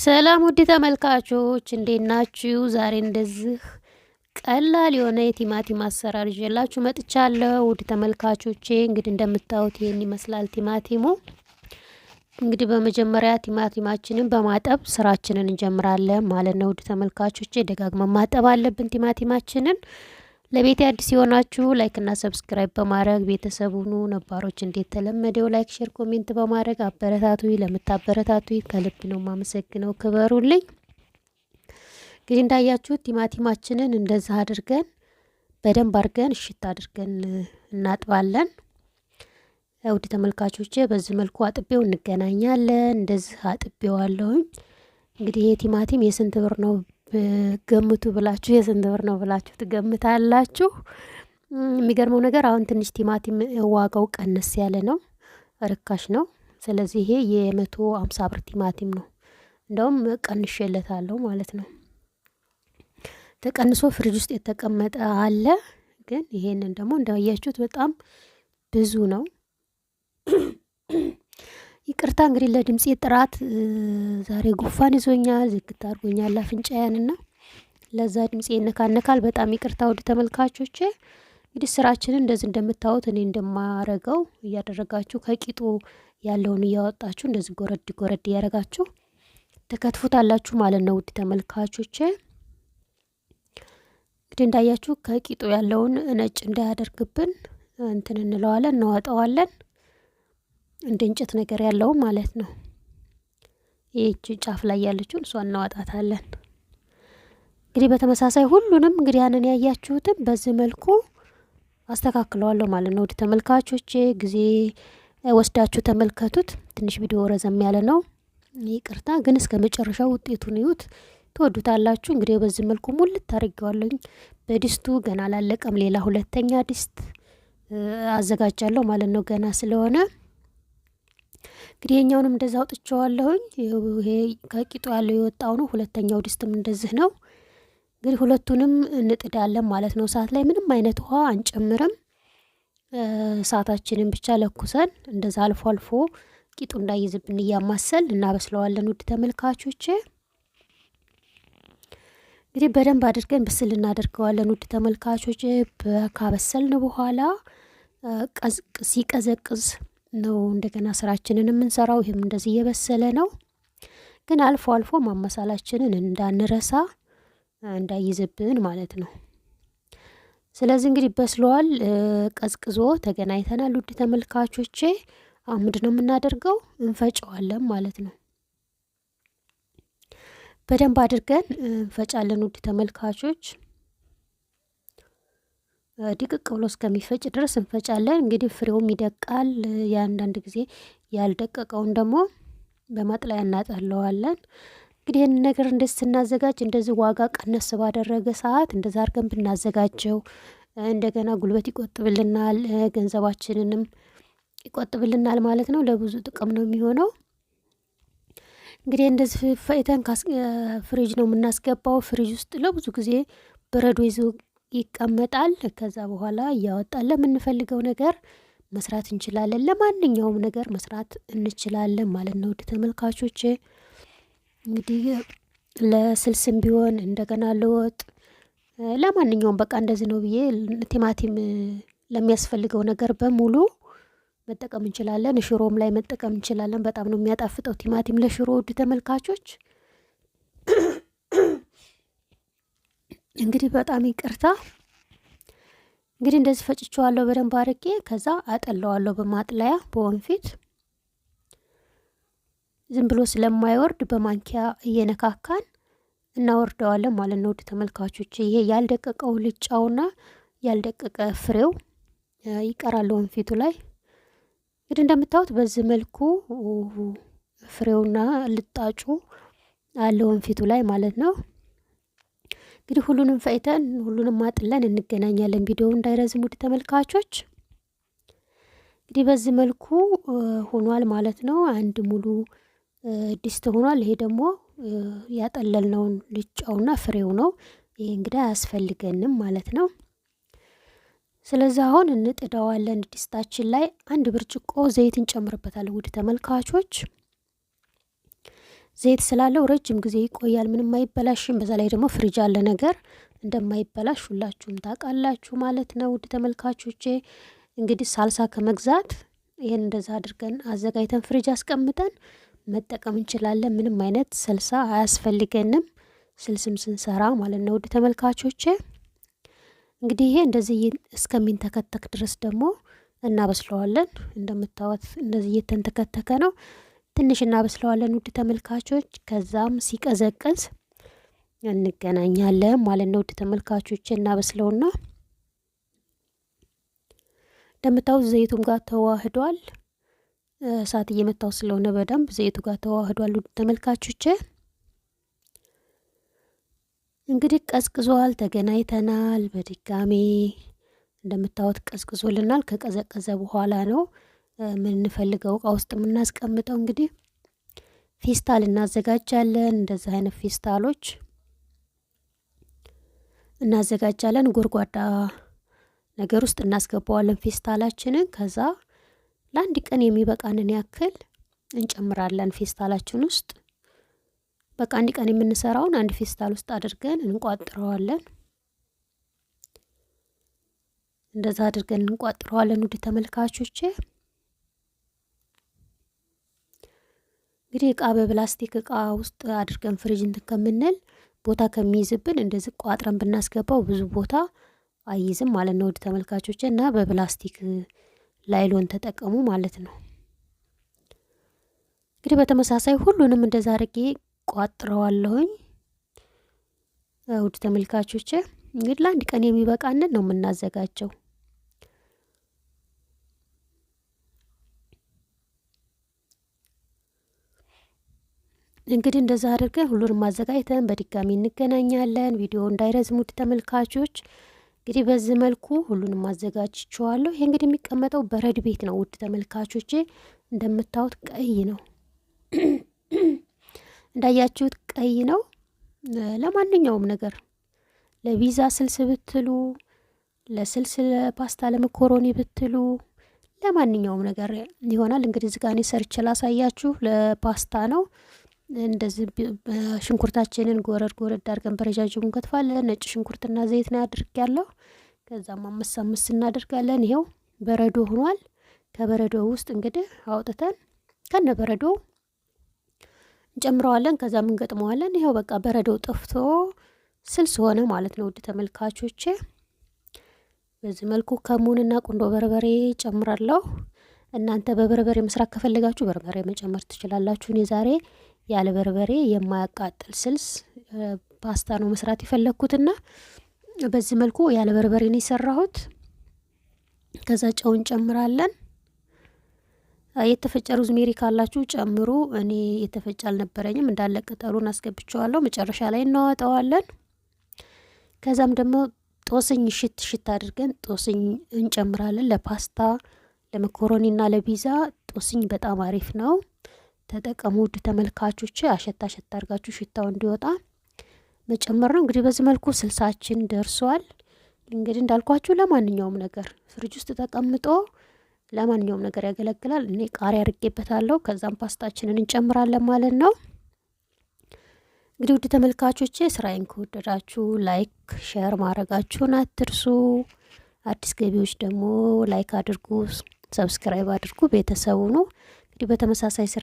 ሰላም ውድ ተመልካቾች እንዴት ናችሁ? ዛሬ እንደዚህ ቀላል የሆነ የቲማቲም አሰራር ይዤላችሁ መጥቻለሁ። ውድ ተመልካቾቼ እንግዲህ እንደምታዩት ይህን ይመስላል ቲማቲሙ። እንግዲህ በመጀመሪያ ቲማቲማችንን በማጠብ ስራችንን እንጀምራለን ማለት ነው። ውድ ተመልካቾቼ ደጋግመን ማጠብ አለብን ቲማቲማችንን ለቤት አዲስ የሆናችሁ እና ሰብስክራይብ በማድረግ ቤተሰቡኑ ነባሮች እንዴት ተለመደው ላይክ፣ ሼር፣ ኮሜንት በማድረግ አበረታቱ። ለምታበረታቱ ከልብ ነው ማመሰግነው። ክበሩልኝ። እንግዲህ እንዳያችሁት ቲማቲማችንን እንደዛ አድርገን በደንብ አድርገን እሽት አድርገን እናጥባለን። ውድ ተመልካቾቼ በዚህ መልኩ አጥቤው እንገናኛለን። እንደዚህ አጥቤዋለሁኝ። እንግዲህ ይሄ ቲማቲም የስንት ብር ነው ገምቱ ብላችሁ የስንት ብር ነው ብላችሁ ትገምታላችሁ? የሚገርመው ነገር አሁን ትንሽ ቲማቲም ዋጋው ቀንስ ያለ ነው፣ ርካሽ ነው። ስለዚህ ይሄ የመቶ አምሳ ብር ቲማቲም ነው። እንደውም ቀንሼለታለሁ ማለት ነው። ተቀንሶ ፍሪጅ ውስጥ የተቀመጠ አለ። ግን ይሄንን ደግሞ እንዳያችሁት በጣም ብዙ ነው። ይቅርታ እንግዲህ ለድምፄ ጥራት ዛሬ ጉፋን ይዞኛል፣ ዝግት አድርጎኛል አፍንጫዬንና ለዛ ድምፄ ይነካነካል። በጣም ይቅርታ ውድ ተመልካቾች እንግዲህ ስራችንን እንደዚህ እንደምታዩት እኔ እንደማረገው እያደረጋችሁ ከቂጡ ያለውን እያወጣችሁ እንደዚህ ጎረድ ጎረድ እያደረጋችሁ ተከትፉታላችሁ ማለት ነው። ውድ ተመልካቾቼ እንግዲህ እንዳያችሁ ከቂጡ ያለውን ነጭ እንዳያደርግብን እንትን እንለዋለን፣ እናወጠዋለን። እንደ እንጨት ነገር ያለው ማለት ነው። ይህች ጫፍ ላይ ያለችውን እሷ እናወጣታለን። እንግዲህ በተመሳሳይ ሁሉንም እንግዲህ ያንን ያያችሁትን በዚህ መልኩ አስተካክለዋለሁ ማለት ነው። ወደ ተመልካቾች ጊዜ ወስዳችሁ ተመልከቱት። ትንሽ ቪዲዮ ረዘም ያለ ነው፣ ይቅርታ ግን እስከ መጨረሻው ውጤቱን እዩት፣ ትወዱታላችሁ። እንግዲህ በዚህ መልኩ ሙልት ታደርጊዋለኝ። በድስቱ ገና አላለቀም፣ ሌላ ሁለተኛ ድስት አዘጋጃለሁ ማለት ነው ገና ስለሆነ እንግዲህ ይሄኛውንም እንደዛ አውጥቼዋለሁኝ። ይሄ ከቂጡ ያለው የወጣው ነው። ሁለተኛው ድስትም እንደዚህ ነው። እንግዲህ ሁለቱንም እንጥዳለን ማለት ነው። እሳት ላይ ምንም አይነት ውሃ አንጨምርም። እሳታችንን ብቻ ለኩሰን እንደዛ አልፎ አልፎ ቂጡ እንዳይዝብን እያማሰል እናበስለዋለን። ውድ ተመልካቾቼ እንግዲህ በደንብ አድርገን ብስል እናደርገዋለን። ውድ ተመልካቾች ካበሰልን በኋላ ሲቀዘቅዝ ነው እንደገና ስራችንን የምንሰራው። ይህም እንደዚህ እየበሰለ ነው። ግን አልፎ አልፎ ማመሳላችንን እንዳንረሳ እንዳይዝብን ማለት ነው። ስለዚህ እንግዲህ በስለዋል፣ ቀዝቅዞ ተገናኝተናል። ውድ ተመልካቾቼ አሁን ምንድን ነው የምናደርገው? እንፈጨዋለን ማለት ነው። በደንብ አድርገን እንፈጫለን ውድ ተመልካቾች ድቅቅ ብሎ እስከሚፈጭ ድረስ እንፈጫለን። እንግዲህ ፍሬውም ይደቃል። የአንዳንድ ጊዜ ያልደቀቀውን ደግሞ በማጥለያ እናጠለዋለን። እንግዲህ ይህን ነገር እንደዚህ ስናዘጋጅ እንደዚህ ዋጋ ቀነስ ባደረገ ሰዓት እንደዚ አድርገን ብናዘጋጀው እንደገና ጉልበት ይቆጥብልናል፣ ገንዘባችንንም ይቆጥብልናል ማለት ነው። ለብዙ ጥቅም ነው የሚሆነው። እንግዲህ እንደዚህ ፈይተን ፍሪጅ ነው የምናስገባው። ፍሪጅ ውስጥ ለብዙ ጊዜ በረዶ ይዞ ይቀመጣል። ከዛ በኋላ እያወጣን ለምንፈልገው ነገር መስራት እንችላለን። ለማንኛውም ነገር መስራት እንችላለን ማለት ነው። ውድ ተመልካቾች እንግዲህ ለስልስም ቢሆን እንደገና ለወጥ ለማንኛውም በቃ እንደዚህ ነው ብዬ ቲማቲም ለሚያስፈልገው ነገር በሙሉ መጠቀም እንችላለን። ሽሮም ላይ መጠቀም እንችላለን። በጣም ነው የሚያጣፍጠው ቲማቲም ለሽሮ ውድ ተመልካቾች እንግዲህ በጣም ይቅርታ እንግዲህ እንደዚህ ፈጭቸዋለሁ በደንብ አርቄ ከዛ አጠለዋለሁ በማጥለያ በወንፊት ዝም ብሎ ስለማይወርድ በማንኪያ እየነካካን እናወርደዋለን ማለት ነው። ውድ ተመልካቾች ይሄ ያልደቀቀው ልጫውና ያልደቀቀ ፍሬው ይቀራል ወንፊቱ ላይ። እንግዲህ እንደምታዩት በዚህ መልኩ ፍሬውና ልጣጩ አለ ወንፊቱ ላይ ማለት ነው። እንግዲህ ሁሉንም ፈይተን ሁሉንም አጥለን እንገናኛለን። ቪዲዮው እንዳይረዝም ውድ ተመልካቾች። እንግዲህ በዚህ መልኩ ሆኗል ማለት ነው። አንድ ሙሉ ድስት ሆኗል። ይሄ ደግሞ ያጠለልነውን ልጫውና ፍሬው ነው። ይሄ እንግዲህ አያስፈልገንም ማለት ነው። ስለዚህ አሁን እንጥደዋለን። ድስታችን ላይ አንድ ብርጭቆ ዘይት እንጨምርበታለን ውድ ተመልካቾች። ዘይት ስላለው ረጅም ጊዜ ይቆያል፣ ምንም አይበላሽም። በዛ ላይ ደግሞ ፍሪጅ ያለ ነገር እንደማይበላሽ ሁላችሁም ታውቃላችሁ ማለት ነው። ውድ ተመልካቾቼ እንግዲህ ሳልሳ ከመግዛት ይህን እንደዛ አድርገን አዘጋጅተን ፍሪጅ አስቀምጠን መጠቀም እንችላለን። ምንም አይነት ስልሳ አያስፈልገንም፣ ስልስም ስንሰራ ማለት ነው። ውድ ተመልካቾቼ እንግዲህ ይሄ እንደዚህ እስከሚንተከተክ ድረስ ደግሞ እናበስለዋለን። እንደምታወት እንደዚህ እየተንተከተከ ነው። ትንሽ እናበስለዋለን ውድ ተመልካቾች። ከዛም ሲቀዘቅዝ እንገናኛለን ማለት ነው ውድ ተመልካቾች። እናበስለውና እንደምታዩት ዘይቱም ጋር ተዋህዷል። እሳት እየመታው ስለሆነ በደንብ ዘይቱ ጋር ተዋህዷል ውድ ተመልካቾች። እንግዲህ ቀዝቅዟል። ተገናኝተናል በድጋሜ እንደምታዩት ቀዝቅዞልናል። ከቀዘቀዘ በኋላ ነው የምንፈልገው እቃ ውስጥ የምናስቀምጠው እንግዲህ ፌስታል እናዘጋጃለን። እንደዚህ አይነት ፌስታሎች እናዘጋጃለን። ጎድጓዳ ነገር ውስጥ እናስገባዋለን ፌስታላችንን። ከዛ ለአንድ ቀን የሚበቃንን ያክል እንጨምራለን ፌስታላችን ውስጥ። በቃ አንድ ቀን የምንሰራውን አንድ ፌስታል ውስጥ አድርገን እንቋጥረዋለን። እንደዛ አድርገን እንቋጥረዋለን ውድ ተመልካቾቼ። እንግዲህ እቃ በፕላስቲክ እቃ ውስጥ አድርገን ፍሪጅ እንትን ከምንል ቦታ ከሚይዝብን እንደዚህ ቋጥረን ብናስገባው ብዙ ቦታ አይይዝም ማለት ነው። ውድ ተመልካቾች እና በፕላስቲክ ላይሎን ተጠቀሙ ማለት ነው። እንግዲህ በተመሳሳይ ሁሉንም እንደዛ አድርጌ ቋጥረዋለሁኝ። ውድ ተመልካቾች እንግዲህ ለአንድ ቀን የሚበቃንን ነው የምናዘጋጀው። እንግዲህ እንደዛ አድርገን ሁሉንም አዘጋጅተን በድጋሚ እንገናኛለን። ቪዲዮ እንዳይረዝም ውድ ተመልካቾች፣ እንግዲህ በዚህ መልኩ ሁሉንም አዘጋጅቼዋለሁ። ይህ እንግዲህ የሚቀመጠው በረድ ቤት ነው ውድ ተመልካቾቼ፣ እንደምታዩት ቀይ ነው፣ እንዳያችሁት ቀይ ነው። ለማንኛውም ነገር ለቪዛ ስልስ ብትሉ ለስልስ ለፓስታ፣ ለመኮሮኒ ብትሉ ለማንኛውም ነገር ይሆናል። እንግዲህ እዚህ ጋር እኔ ሰርቼ ላሳያችሁ ለፓስታ ነው። እንደዚህ ሽንኩርታችንን ጎረድ ጎረድ አድርገን በረጃጅሙ እንከትፋለን። ነጭ ሽንኩርትና ዘይት ነው ያድርግ ያለው። ከዛም አምስት አምስት እናደርጋለን። ይኸው በረዶ ሆኗል። ከበረዶ ውስጥ እንግዲህ አውጥተን ከነ በረዶ እንጨምረዋለን። ከዛም እንገጥመዋለን። ይኸው በቃ በረዶው ጠፍቶ ስልስ ሆነ ማለት ነው። ውድ ተመልካቾቼ በዚህ መልኩ ከሙንና ቁንዶ በርበሬ ጨምራለሁ። እናንተ በበርበሬ መስራት ከፈለጋችሁ በርበሬ መጨመር ትችላላችሁ። እኔ ዛሬ ያለ በርበሬ የማያቃጥል ስልስ ፓስታ ነው መስራት የፈለግኩትና በዚህ መልኩ ያለ በርበሬ ነው የሰራሁት። ከዛ ጨውን ጨምራለን። የተፈጨ ሩዝሜሪ ካላችሁ ጨምሩ። እኔ የተፈጨ አልነበረኝም እንዳለ ቅጠሉን አስገብቸዋለሁ። መጨረሻ ላይ እናዋጠዋለን። ከዛም ደግሞ ጦስኝ ሽት ሽት አድርገን ጦስኝ እንጨምራለን። ለፓስታ ለመኮሮኒ እና ለቢዛ ጦስኝ በጣም አሪፍ ነው። ተጠቀሙ። ውድ ተመልካቾች አሸታ አሸት አድርጋችሁ ሽታው እንዲወጣ መጨመር ነው። እንግዲህ በዚህ መልኩ ስልሳችን ደርሷል። እንግዲህ እንዳልኳችሁ ለማንኛውም ነገር ፍሪጅ ውስጥ ተቀምጦ ለማንኛውም ነገር ያገለግላል። እኔ ቃሪያ አድርጌበታለሁ። ከዛም ፓስታችንን እንጨምራለን ማለት ነው። እንግዲህ ውድ ተመልካቾቼ ስራዬን ከወደዳችሁ ላይክ፣ ሼር ማድረጋችሁን አትርሱ። አዲስ ገቢዎች ደግሞ ላይክ አድርጉ፣ ሰብስክራይብ አድርጉ። ቤተሰቡ ነው እንግዲህ በተመሳሳይ ስራ